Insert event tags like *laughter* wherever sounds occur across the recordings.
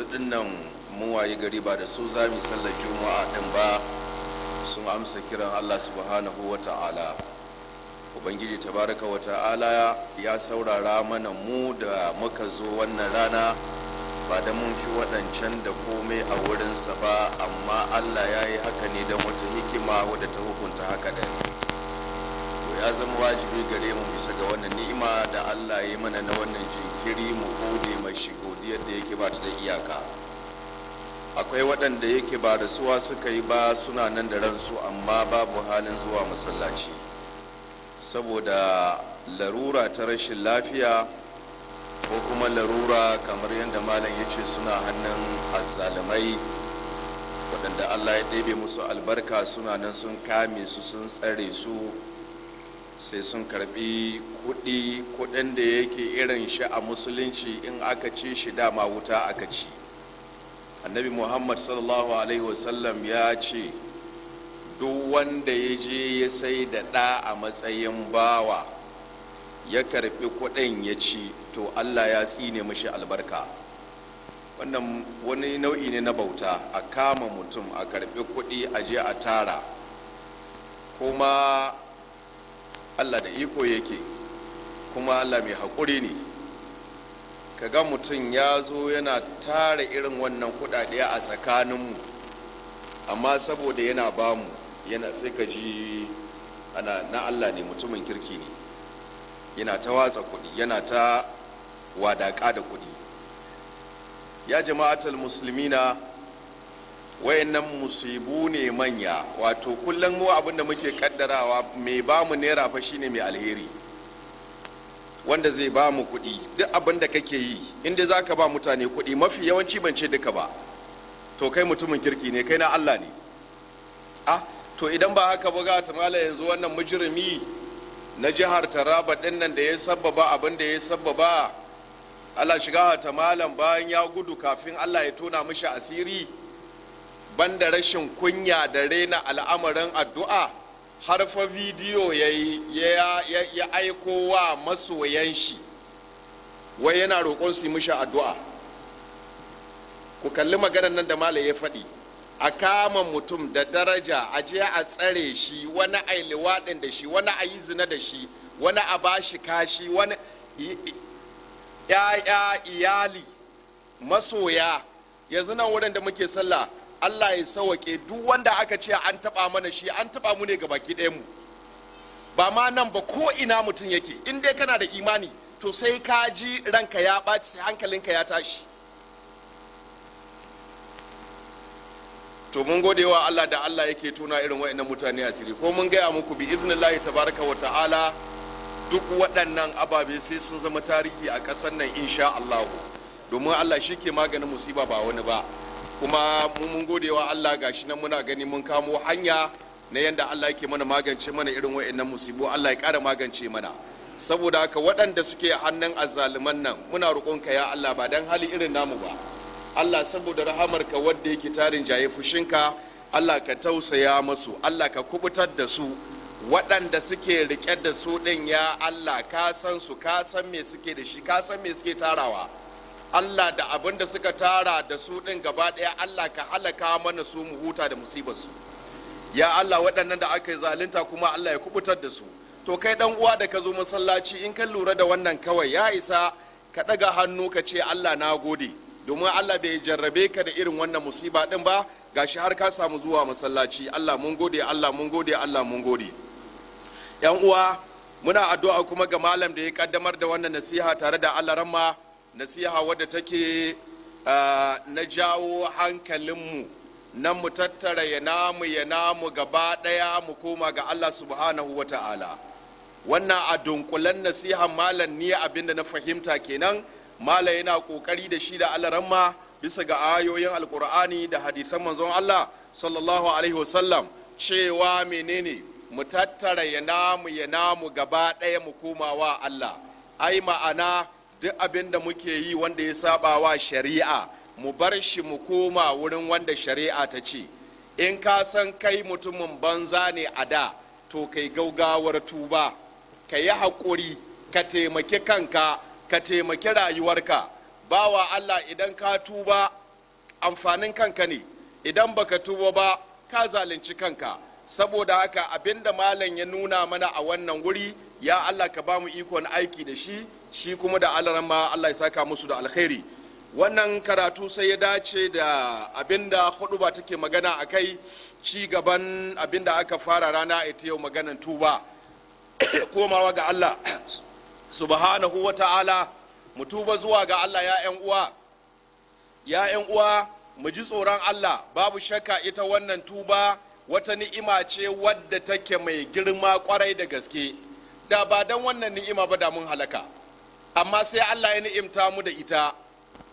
yanzu dinnan mun waye gari ba da su za mu sallar juma'a din ba sun amsa kiran allah subhanahu wa ta'ala ubangiji tabaraka wa ta'ala ya saurara mana mu da muka zo wannan rana ba da mun fi waɗancan da komai a wurinsa ba amma allah ya yi haka ne don wata hikima wadda ta hukunta haka da ya zama wajibi gare mu bisa ga wannan ni'ima da allah ya yi mana na wannan jinkiri mu gode mashi shigo. ba ta da iyaka akwai waɗanda yake ba da suwa suka yi ba suna nan da ransu amma babu halin zuwa masallaci saboda larura ta rashin lafiya ko kuma larura kamar yadda malam ya ce suna hannun azzalumai waɗanda allah ya ɗebe musu albarka suna nan sun kame su sun tsare su sai sun karbi kudi kudin da yake irin shi a musulunci in aka ci shi dama wuta aka ci annabi muhammad sallallahu alaihi wasallam ya ce duk wanda ya je ya sai da ɗa a matsayin bawa ya karbi kudin ya ci to allah ya tsine mashi albarka wannan wani nau'i ne na bauta a kama mutum a karbi kudi a je a tara kuma allah da iko yake kuma allah mai haƙuri ne Ka ga mutum ya zo yana tara irin wannan kuɗaɗe a tsakaninmu amma saboda yana bamu yana sai ka ji ana na allah ne mutumin kirki ne yana ta watsa kuɗi yana ta wadaka da kuɗi ya jama'atul musulmina wayannan musibu ne manya wato kullum mu abin da muke kaddarawa mai ba mu naira fa shine mai alheri wanda zai ba mu kuɗi duk abin kake yi inda za ka ba mutane kuɗi mafi yawanci ban ce duka ba to kai mutumin kirki ne kai na allah ne ah to idan ba haka ba ga yanzu wannan mujirimi na jihar taraba din nan da ya sabbaba abin ya sabbaba allah shiga ta malam bayan ya gudu kafin allah ya tona mishi asiri banda rashin kunya da rena al'amarin addu'a har fa bidiyo ya aiko wa masoyan shi wai yana roƙon su yi mishi addu'a ku kalli maganar nan da malam ya faɗi a kama mutum da daraja a je a tsare shi wani a yi da shi wani a yi zina da shi wani a ba shi kashi wani ya'ya iyali masoya yanzu nan wurin da muke sallah allah ya sawake duk wanda aka ce an taba mana shi an taba mu ne ga baki ɗayan mu ba ma nan ba ko ina mutum yake in dai kana da imani to sai ka ji ranka ya ɓaci sai hankalinka ya tashi to mun gode wa Allah da Allah yake tona irin wa'annan mutane asiri ko mun gaya muku bi iznillahi tabaraka wa ta'ala duk waɗannan ababe sai sun zama tarihi a ƙasar nan insha Allah domin Allah shi ke maganin musiba ba wani ba kuma mun gode wa Allah gashi nan muna gani mun kamo hanya na yadda Allah yake mana magance mana irin wa'annan musibo, Allah ya ƙara magance mana saboda haka waɗanda suke hannun azzaluman nan muna roƙonka ya Allah ba dan hali irin namu ba Allah saboda rahamarka wadda yake tarin jaye fushinka Allah ka tausaya masu Allah ka kubutar da su waɗanda suke riƙe da su ɗin ya Allah ka san su ka san me suke da shi ka san me suke tarawa Allah da abin da suka tara da su ɗin gaba ɗaya Allah ka halaka mana su mu huta da musibarsu ya Allah waɗannan da aka yi zalunta kuma Allah ya kubutar da su to kai ɗan uwa da ka zo masallaci in ka lura da wannan kawai ya isa ka ɗaga hannu ka ce Allah na gode domin Allah bai jarrabe ka da irin wannan musiba ɗin ba gashi har ka samu zuwa masallaci Allah mun gode Allah mun gode Allah mun gode yan uwa muna addu'a kuma ga malam da ya kaddamar da wannan nasiha tare da Allah ramma nasiha wadda take na jawo hankalinmu nan mu tattara ya namu ya namu gaba daya mu koma ga Allah subhanahu wa ta'ala wannan a dunkulen nasiha malam ni abinda na fahimta kenan malam yana kokari da shi da alaramma bisa ga ayoyin alkur'ani da hadisan manzon Allah sallallahu alaihi wasallam cewa menene mu tattara ya namu ya namu gaba daya mu komawa Allah ai ma'ana duk abin da muke yi wanda ya saba wa shari'a mu bar shi mu koma wurin wanda shari'a ta ce in ka san kai mutumin banza ne a da to kai gaugawar tuba ka yi haƙuri ka taimaki kanka ka taimaki rayuwarka bawa allah idan ka tuba amfanin kanka ne idan baka tuba ba ka zalunci kanka saboda haka abinda malam ya nuna mana a wannan wuri ya Allah ka ba mu ikon aiki da shi shi kuma da alarama Allah ya saka musu da alkhairi wannan karatu sai ya dace da abinda ba take magana a kai ci gaban abinda aka fara rana ita yau maganan tuba *coughs* komawa ga Allah *coughs* subhanahu wa ta'ala mu tuba zuwa ga Allah ya 'yan uwa ya 'yan uwa mu ji tsoron Allah babu shakka ita wannan tuba wata ni'ima ce wadda take mai girma kwarai da gaske da ba don wannan ni'ima ba da mun halaka amma sai allah ya ni'imta mu da ita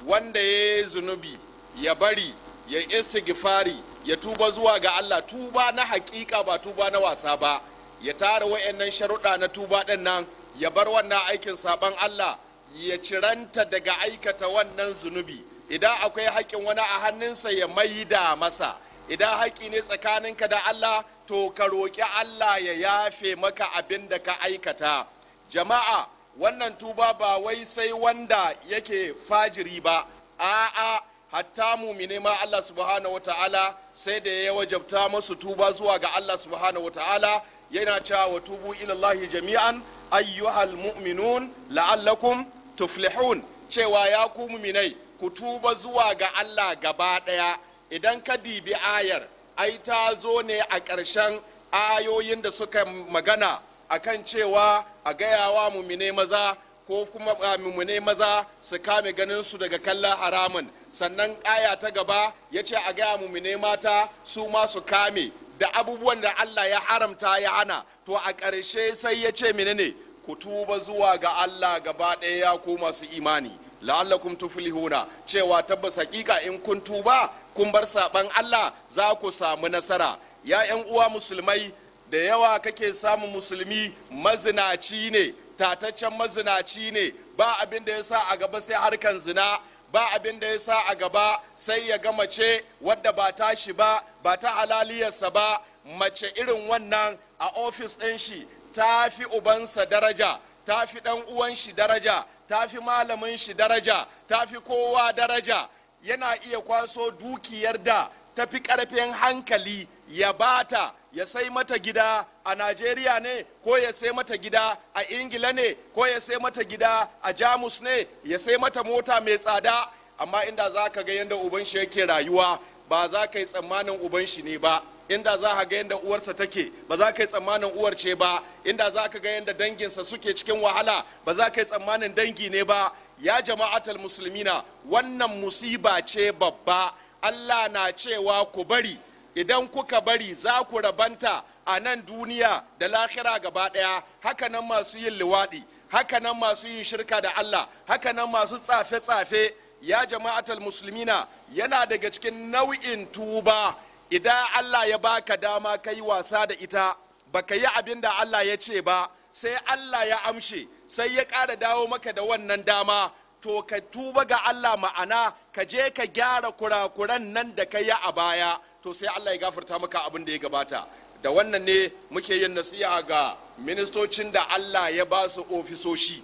wanda ya yi zunubi ya bari ya istighfari ya tuba zuwa ga allah tuba na hakika ba tuba na wasa ba ya tara wa'annan sharuɗa na tuba ɗin nan ya bar wannan aikin saban allah ya ciranta daga aikata wannan zunubi idan akwai haƙƙin wani a hannunsa ya maida masa idan haƙi ne tsakaninka da Allah to ka roƙi Allah ya yafe maka abin da ka aikata jama'a wannan tuba ba wai sai wanda yake fajiri ba a'a hatta mumine ma Allah subhanahu wa sai da ya wajabta masu tuba zuwa ga Allah subhanahu wa yana cewa wa tubu ilallahi jami'an ayyuhal mu'minun la'allakum tuflihun cewa ya ku muminai ku tuba zuwa ga Allah gaba ɗaya idan ka dibi ayar ai ta zo ne a ƙarshen ayoyin da suka magana a kan cewa a gayawa mumine maza ko kuma ah, mumune maza su kame ganin su daga kallon haramun sannan aya ta gaba ya ce a gaya mumine mata su ma su kame da abubuwan da Allah ya haramta ya hana to a ƙarshe sai ya ce ne ku tuba zuwa ga Allah gaba ɗaya ya ku masu imani la'allakum tuflihuna cewa tabbas hakika in kun tuba kun bar saban Allah za ku samu nasara ya yan uwa musulmai da yawa kake samun musulmi mazinaci ne tataccen mazinaci ne ba abin da ya sa a gaba sai harkan zina ba abin da ya sa a gaba sai ya ga mace wadda ba ta shi ba ba ta halaliyarsa ba mace irin wannan a ofis ɗin shi ta fi ubansa daraja ta fi ɗan uwan shi daraja ta fi malamin shi daraja ta fi kowa daraja yana iya kwaso dukiyar da ta fi ƙarfin hankali ya bata ya sai mata gida a najeriya ne ko ya sai mata gida a ingila ne ko ya sai mata gida a jamus ne ya sai mata mota mai tsada amma inda za ka ga yadda uban shi yake rayuwa ba za ka yi tsammanin uban shi ne ba inda za ka ga yadda uwarsa take ba za ka yi tsammanin uwar ce ba inda za ka ga yadda danginsa suke cikin wahala ba za ka yi tsammanin dangi ne ba ya jama'atal musulmina wannan musiba ce babba allah na cewa ku bari idan kuka bari za ku rabanta a nan duniya da lahira gaba ɗaya hakanan masu yin liwaɗi hakanan masu yin shirka da allah hakanan masu tsafe-tsafe ya jama'atal musulmina yana daga cikin nau'in tuba idan Allah ya baka dama ka yi wasa da ita baka yi abin da Allah ya ce ba sai Allah ya amshe sai ya ƙara dawo maka da wannan dama to ka tuba ga Allah ma'ana ka je ka gyara kurakuran nan da ka yi a baya to sai Allah ya gafarta maka abin da ya gabata da wannan ne muke yin nasiha ga ministocin da Allah ya ba su ofisoshi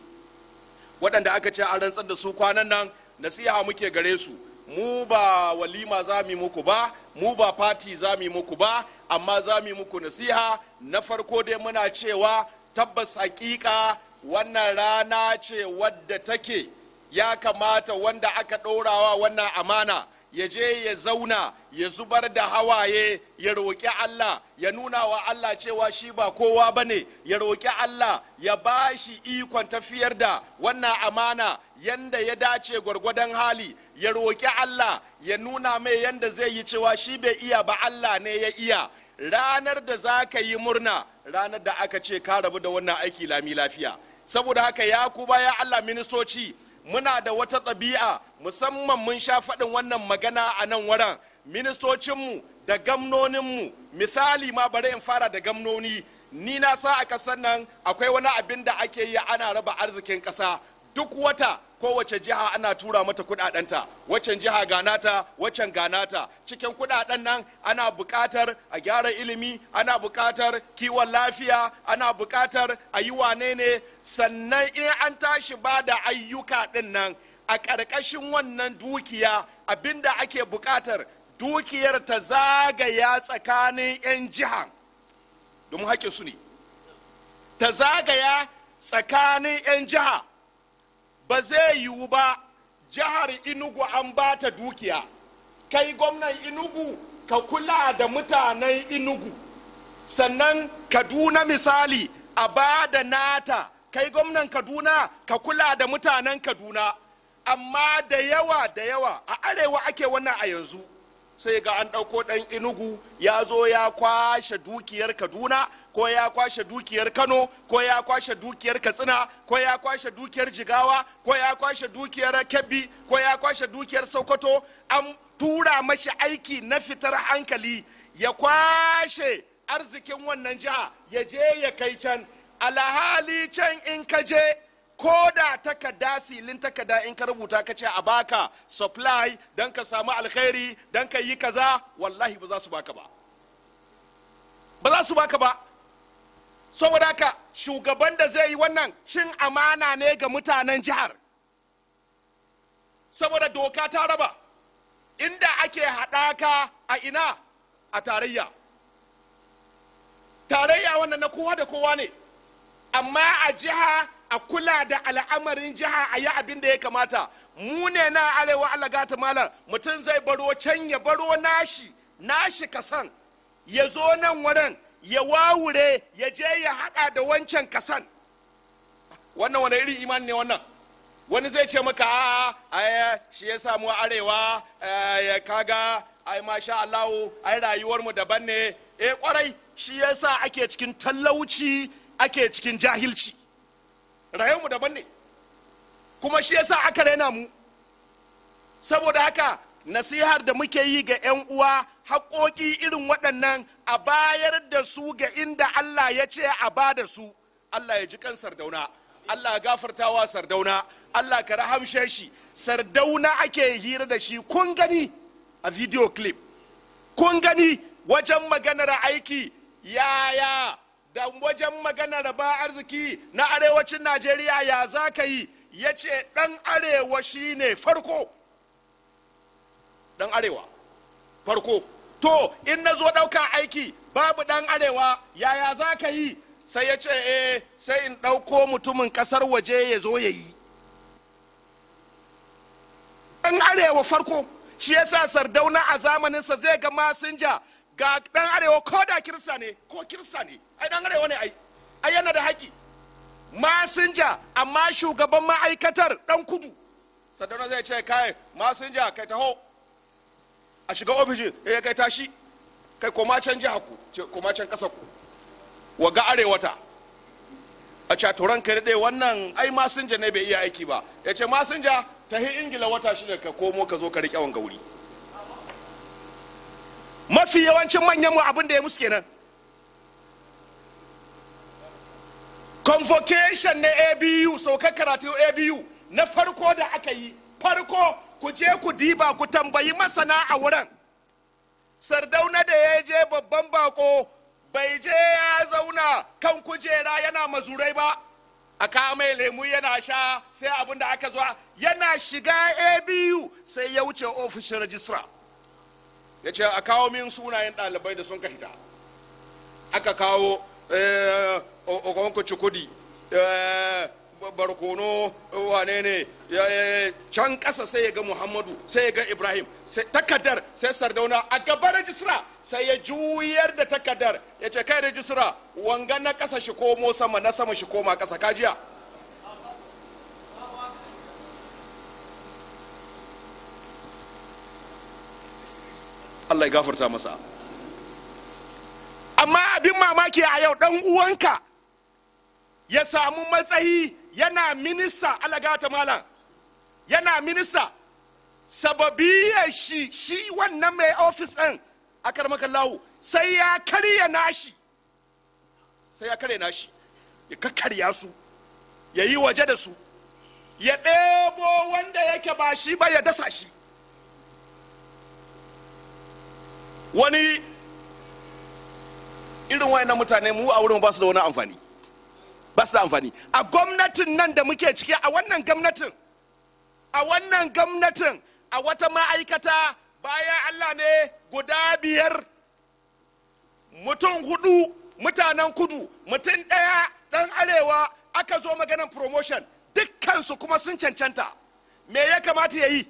waɗanda aka ce an rantsar da su kwanan nan nasiha muke gare su mu ba walima za mu muku ba mu ba fati za mu yi muku ba amma za mu yi muku nasiha na farko dai muna cewa tabbas hakika wannan rana ce wadda take ya kamata wanda aka ɗorawa wannan amana ya je ya zauna ya zubar da hawaye ya roƙi Allah ya nuna wa Allah cewa shi ba kowa ba ne ya roƙi Allah ya ba shi ikon tafiyar da wannan amana yanda ya dace gwargwadon hali ya roƙi Allah ya nuna mai yanda zai yi cewa shi bai iya ba Allah ne ya iya ranar da za ka yi murna ranar da aka ce ka rabu da wannan aiki lami lafiya saboda haka ya ku baya Allah ministoci muna da wata ɗabi'a musamman mun sha faɗin wannan magana a nan wuran ministocinmu da gamnoninmu misali ma bari in fara da gamnoni ni na sa a ƙasar nan akwai wani abin da ake yi ana raba arzikin ƙasa duk wata kowace jiha ana tura mata kudadenta waccan jiha ganata waccan ganata cikin kudaden nan ana bukatar a gyara ilimi ana bukatar kiwon lafiya ana bukatar a yi wane ne sannan in an tashi ba da ayyuka ɗin nan a ƙarƙashin wannan dukiya abinda ake bukatar dukiyar ta zagaya tsakanin 'yan jiha domin su ne ta zagaya tsakanin 'yan jiha ba zai yiwu ba jihar inugu an ba ta dukiya kai gwamnan inugu ka kula da mutanen inugu sannan kaduna misali a ba da nata kai gwamnan kaduna ka kula da mutanen kaduna amma da yawa da yawa a arewa ake wannan a yanzu sai ga an ɗauko ɗan inugu ya zo ya kwashe dukiyar kaduna ko ya kwashe dukiyar kano ko ya kwashe dukiyar katsina ko ya kwashe dukiyar jigawa ko ya kwashe dukiyar kebbi ko ya kwashe dukiyar sokoto an tura mashi aiki na fitar hankali ya kwashe arzikin wannan jiha ya je ya kai can alhali can in ka je ko da takarda silin takarda in ka rubuta ka ce a baka supply don ka samu alkhairi don ka yi kaza wallahi ba za su baka ba ba za su baka ba saboda haka shugaban da zai yi wannan cin amana ne ga mutanen jihar saboda doka ta raba inda ake haɗaka a ina a tarayya tarayya wannan na kowa da kowa ne amma a jiha a kula da al'amarin jiha a yi abin da ya kamata mu ne na arewa alagata malam mutum zai baro can ya baro nashi nashi kasan ya zo nan wurin ya wawure ya je ya haɗa da wancan kasan wannan wani iri imani ne wannan wani zai ce maka a shi ya samu arewa eh, ya kaga ai masha Allahu ai rayuwarmu daban ne eh kwarai shi yasa ake cikin tallauci ake cikin jahilci rayuwarmu daban ne kuma shi yasa aka raina mu saboda haka nasihar da muke yi ga 'yan uwa haƙoƙi irin waɗannan a bayar da su ga inda Allah ya ce a ba da su Allah ya ji kan sardauna Allah gafartawa sardauna Allah ka rahamshe shi sardauna ake hira da shi kun gani a video clip kun gani wajen maganar aiki yaya da wajen maganar ba arziki na arewacin najeriya ya za ka yi ya ce ɗan arewa shine farko ɗan arewa farko to in na zo ɗauka aiki babu ɗan arewa yaya za ka yi sai ya ce eh sai in ɗauko mutumin ƙasar waje ya zo ya yi ɗan arewa farko shi yasa sardauna a zamaninsa zai ga masinja ga ɗan arewa ko da kirista ne ko kirista ne ai ɗan arewa ne ai ai yana da haƙi masinja amma shugaban ma'aikatar ɗan kudu sardauna zai ce kai masinja kai taho a shiga ofishin ya eh, kai tashi kai koma can jiha ku koma can ƙasa ku wa ga arewata a turan kai daɗe wannan ai masinja ne bai iya aiki ba ya ce masinja ta hi ingila wata shida ka komo ka zo ka riƙe wanga wuri mafi yawancin manyan mu abin da ya musu kenan convocation na abu saukar karatu abu na farko da aka yi farko ku je ku diba ku tambayi masana a wurin sardauna da ya je babban bako bai je ya zauna kan kujera yana mazurai ba a mai lemu yana sha sai abin da aka zuwa yana shiga abu sai ya wuce ofishin rajistra ya ce a kawo min sunayen ɗalibai da sun ka hita aka kawo ogonku cikudi barkono wane ne can ƙasa sai ya ga muhammadu sai ya ga ibrahim sai takardar sai sardauna a gaba rajisira sai ya juyar da takardar ya ce kai rajisira wanga na ƙasa shi komo sama na sama shi koma ƙasa kajiya Allah ya gafarta masa amma abin mamaki a yau dan uwanka ya samu matsayi yana minista alagata malam yana minista sababiyar shi shi wannan mai ofis ɗin a karmakan lawo sai ya karya nashi sai ya karya nashi ya kakkarya su ya yi waje da su ya ɗebo wanda yake ba shi ba ya dasa shi wani irin wayan mutane mu a wurin ba su da wani amfani ba su da amfani a gwamnatin nan da muke ciki a wannan gwamnatin a wannan gwamnatin a wata ma'aikata bayan allah ne guda biyar mutum hudu mutanen kudu mutum ɗaya dan arewa aka zo maganan promotion dukkansu kuma sun cancanta me ya kamata ya yi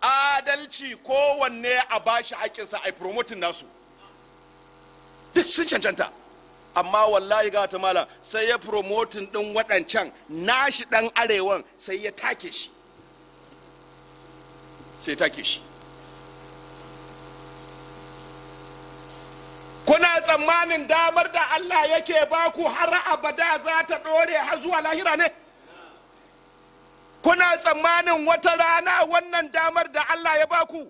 adalci kowanne a bashi haƙƙinsa a promotin nasu duk sun cancanta amma wallahi ga ta mala sai ya promotin din waɗancan nashi ɗan arewan sai ya take shi sai take shi kuna tsammanin damar da Allah yake baku har abada za ta ɗore har zuwa lahira ne kuna tsammanin wata rana wannan damar da Allah ya baku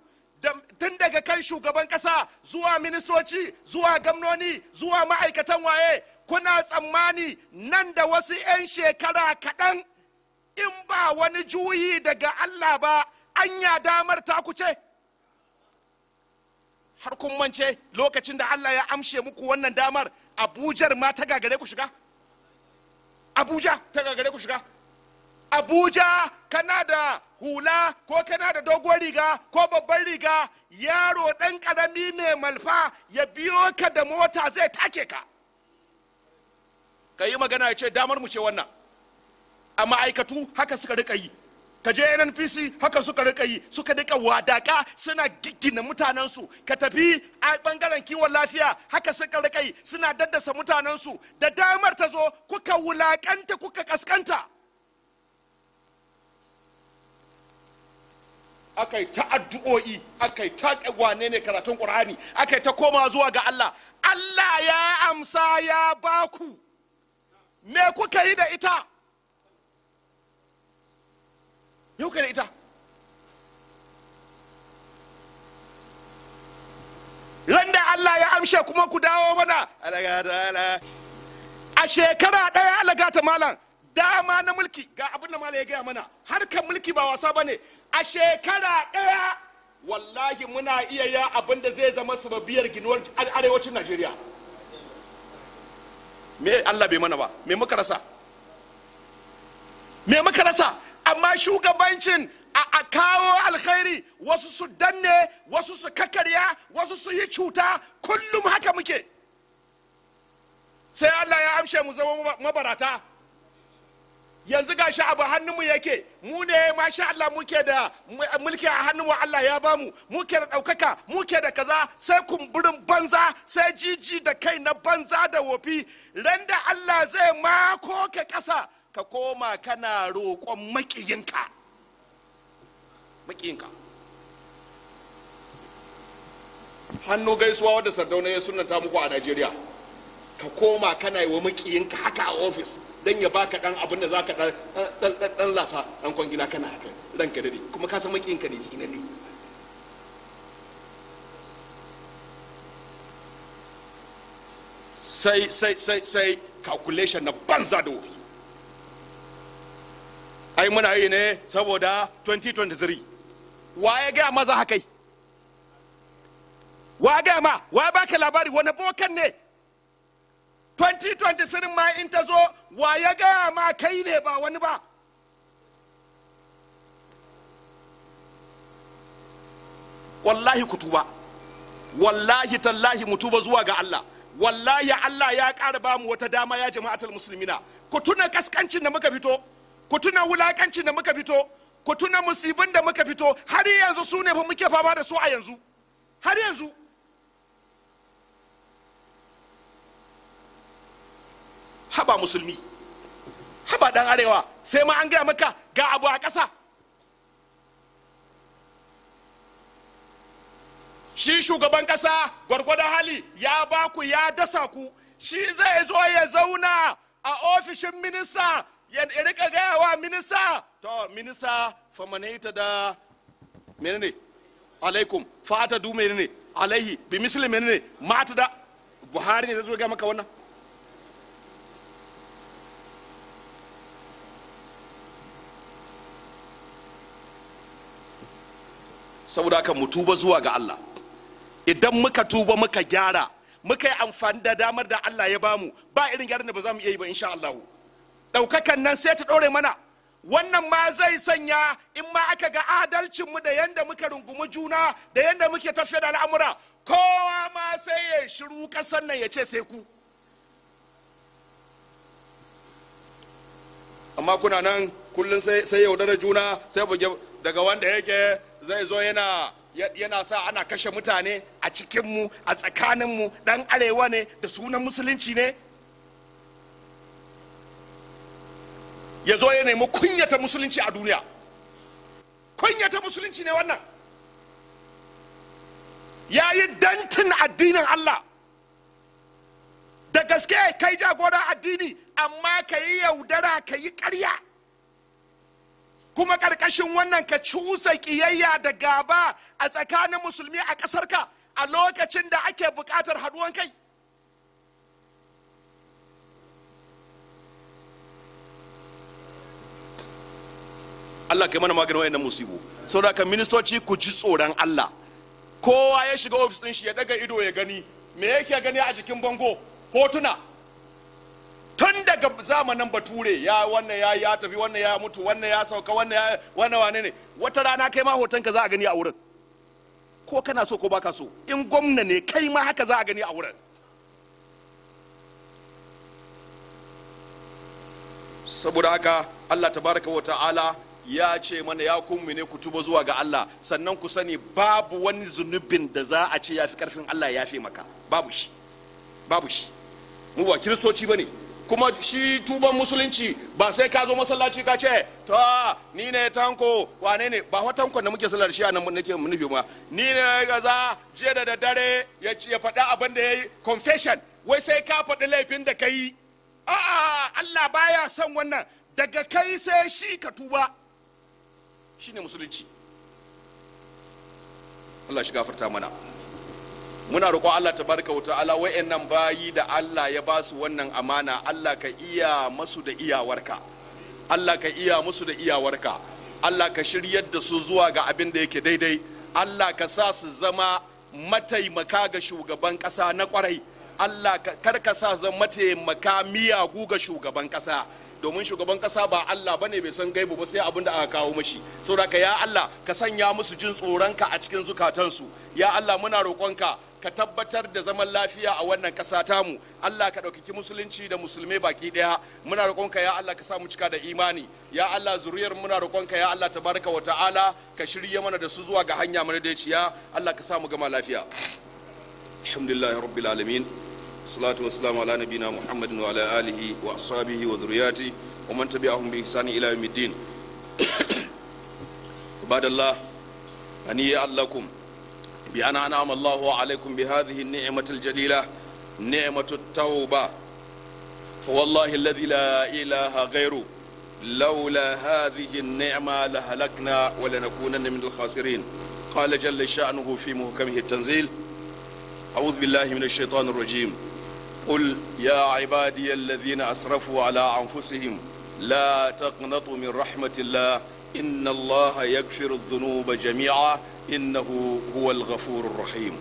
tun daga kan shugaban kasa zuwa ministoci zuwa gamnoni zuwa ma'aikatan waye kuna tsammani nan da wasu 'yan shekara kaɗan in ba wani juyi daga allah ba anya damar ta kuce har kun mance lokacin da allah ya amshe muku wannan damar abujar ma ta gagare ku shiga abuja ta gagare ku shiga abuja kana da hula ko kana da doguwar riga ko babban riga yaro ɗan ƙarami mai malfa ya biyo ka da mota zai take ka ka yi magana ya ce damar mu ce wannan a ma'aikatu haka suka rika yi ka je nnpc haka suka rika yi suka rika wadaka suna giggina mutanensu ka tafi a bangaren kiwon lafiya haka suka rika yi suna daddasa mutanensu da damar ta zo kuka wulakanta kuka kaskanta aka ta addu'o'i aka ta wane ne karatun ƙur'ani aka yi ta koma zuwa ga Allah Allah ya amsa ya baku me kuka yi da ita me kuka yi da ita ran Allah ya amshe kuma ku dawo mana a shekara ɗaya alagata malam dama na mulki ga abin da malam ya gaya mana harkar mulki ba wasa ba ne a shekara ɗaya wallahi muna iya ya abin da zai zama sababiyar ginuwar arewacin najeriya me allah bai mana ba me muka rasa me muka rasa amma shugabancin a kawo alkhairi wasu su danne wasu su kakarya wasu su yi cuta kullum haka muke sai allah ya amshe mu zama mabarata yanzu gashi abu hannunmu yake mu ne masha Allah muke da mulki a hannunmu Allah ya bamu muke da ɗaukaka muke da kaza sai kumburin banza sai jiji da kai na banza da wofi ran da Allah zai mako ka ƙasa ka koma kana roƙon maƙiyinka maƙiyinka hannu gaisuwa wadda sardauna ya sunanta muku a Najeriya ka koma kana yi wa maƙiyinka haka a ofis dan ya baka dan abin da zaka dan dan dan lasa dan kwangila kana haka ka dade kuma ka san makiyin ka ne ne sai sai sai sai calculation na banza da wuri ai muna yi ne saboda 2023 Wa ya gaya maza yi wa ya gaya ma waye baka labari wani bokan ne 2023 ma in ta zo wa ya gaya ma kai ne ba wani ba wallahi ku wallahi tallahi mu zuwa ga Allah wallahi Allah ya ƙara bamu wata dama ya jama'atul musulmina ku tuna kaskancin da muka fito ku tuna wulakancin da muka fito ku tuna musibin da muka fito har yanzu su ne fa muke fama da su a yanzu har yanzu haba musulmi haba dan arewa sai ma an gaya maka ga abu a ƙasa shi shugaban ƙasa gwargwadon hali ya ba ku ya dasa ku shi zai zo ya zauna a ofishin minista ya rika gaya wa minista to minista famanaita da menene alaikum fata du menene alaihi bi misli menene mata da buhari ne zai zo ga maka wannan saboda haka mu tuba zuwa ga Allah idan muka tuba muka gyara muka yi amfani da damar da Allah ya bamu ba irin gyaran da ba za mu iya yi ba insha Allah daukakan nan sai ta dore mana wannan ma zai sanya in ma aka ga adalcin mu da yanda muka rungumi juna da yanda muke tafiya da al'amura kowa ma sai ya shiru kasan nan ya ce sai ku amma kuna nan kullum sai yaudara juna sai buge daga wanda yake zai zo yana yana sa ana kashe mutane a cikinmu a tsakaninmu dan arewa ne da sunan musulunci ne ya zo ya nemi kunyata musulunci a duniya kunyata musulunci ne wannan ya yi dantin addinin allah da gaske kai jagora addini amma ka yi yaudara ka yi karya kuma ƙarƙashin wannan ka cusa kiyayya da gaba a tsakanin musulmi a ƙasarka a lokacin da ake buƙatar haɗuwan kai Allah kai mana maganin wayannan musibu saboda kan ministoci ku ji tsoron Allah kowa ya shiga ofis ɗin shi ya daga ido ya gani me yake gani a jikin bango hotuna tun daga zamanin bature ya wannan ya ya tafi wannan ya mutu wannan ya sauka wannan ya wannan wane ne wata rana kai ma hoton ka za a gani a wurin ko kana so ko baka so in gwamna ne kai ma haka za a gani a wurin saboda haka Allah tabaraka wa ta'ala ya ce mana ya kunmi ne ku tuba zuwa ga Allah sannan ku sani babu wani zunubin da za a ce ya fi karfin Allah ya fi maka babu shi babu shi mu ba kiristoci ba ne kuma shi tuban musulunci ba sai ka zo masallaci ka ce ta ni ne tanko wane ne ba wa tankon da muke sallar shi a nan nake nufi ma ni ne gaza jiya da daddare ya faɗa abin da ya yi confession wai sai ka faɗi laifin da ka yi a'a Allah baya son wannan daga kai sai shi ka tuba shine musulunci Allah shi gafarta mana muna roƙon Allah ta tabaraka wa ta'ala wayannan bayi da Allah ya ba su wannan amana Allah ka iya masu da iyawarka Allah ka iya musu da iyawarka Allah ka shiryar da su zuwa ga abin da yake daidai Allah ka sa su zama mataimaka ga shugaban ƙasa na kwarai Allah kar ka sa zama mataimaka miyagu ga shugaban ƙasa domin shugaban kasa ba Allah bane bai san gaibu ba sai abin da aka kawo mashi saboda ya Allah ka sanya musu jin tsoronka a cikin zukatansu ya Allah muna roƙonka ka tabbatar da zaman lafiya a wannan ƙasa tamu Allah ka ɗaukaki musulunci da musulmai baki ɗaya muna roƙonka ya Allah ka sa mu cika da imani ya Allah zuriyar muna roƙonka ya Allah tabaraka wa ta'ala ka shirye mana da su zuwa ga hanya mana da madaidaiciya Allah ka sa mu gama lafiya alhamdulillah rabbil alamin salatu wassalamu ala nabina muhammadin wa ala alihi wa ashabihi wa zuriyati wa man tabi'ahum bi ihsani ila yawmiddin *coughs* ibadallah aniya allakum بأن أنعم الله عليكم بهذه النعمة الجليلة نعمة التوبة فوالله الذي لا إله غيره لولا هذه النعمة لهلكنا ولنكونن من الخاسرين قال جل شأنه في محكمه التنزيل أعوذ بالله من الشيطان الرجيم قل يا عبادي الذين أسرفوا على أنفسهم لا تقنطوا من رحمة الله إن الله يغفر الذنوب جميعا إنه هو الغفور الرحيم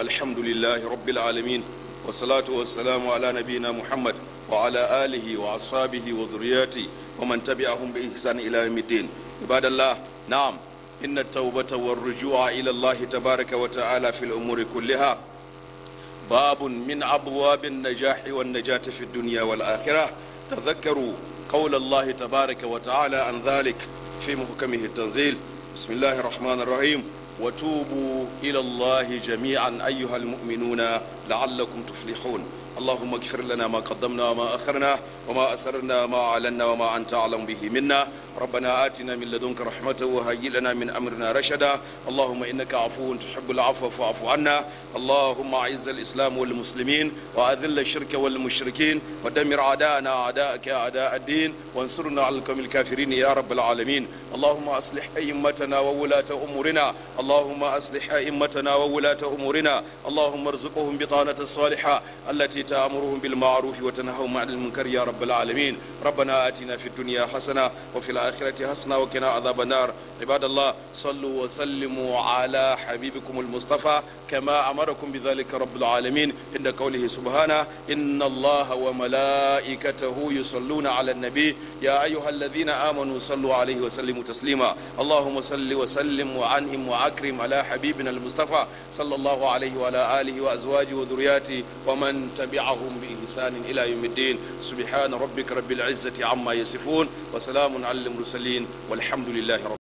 الحمد لله رب العالمين والصلاة والسلام على نبينا محمد وعلى آله وأصحابه وذرياته ومن تبعهم بإحسان إلى يوم الدين عباد الله نعم إن التوبة والرجوع إلى الله تبارك وتعالى في الأمور كلها باب من أبواب النجاح والنجاة في الدنيا والآخرة تذكروا قول الله تبارك وتعالى عن ذلك في محكمه التنزيل بسم الله الرحمن الرحيم وتوبوا إلى الله جميعا أيها المؤمنون لعلكم تفلحون اللهم اغفر لنا ما قدمنا وما أخرنا وما أسرنا ما أعلنا وما أنت أعلم به منا ربنا آتنا من لدنك رحمة وهيئ لنا من أمرنا رشدا اللهم إنك عفو تحب العفو فاعف عنا اللهم أعز الإسلام والمسلمين وأذل الشرك والمشركين ودمر أعداءنا أعداءك أعداء الدين وانصرنا على القوم الكافرين يا رب العالمين اللهم أصلح أئمتنا وولاة أمورنا اللهم أصلح أئمتنا وولاة أمورنا اللهم ارزقهم بطانة الصالحة التي تأمرهم بالمعروف وتنهاهم عن المنكر يا رب رب العالمين ربنا آتنا في الدنيا حسنة وفي الآخرة حسنة وقنا عذاب النار عباد الله صلوا وسلموا على حبيبكم المصطفى كما أمركم بذلك رب العالمين عند قوله سبحانه إن الله وملائكته يصلون على النبي يا أيها الذين آمنوا صلوا عليه وسلموا تسليما اللهم صل وسلم وعنهم وأكرم على حبيبنا المصطفى صلى الله عليه وعلى آله وأزواجه وذرياته ومن تبعهم بإحسان إلى يوم الدين سبحان ربك رب العزة عما يصفون وسلام على المرسلين والحمد لله رب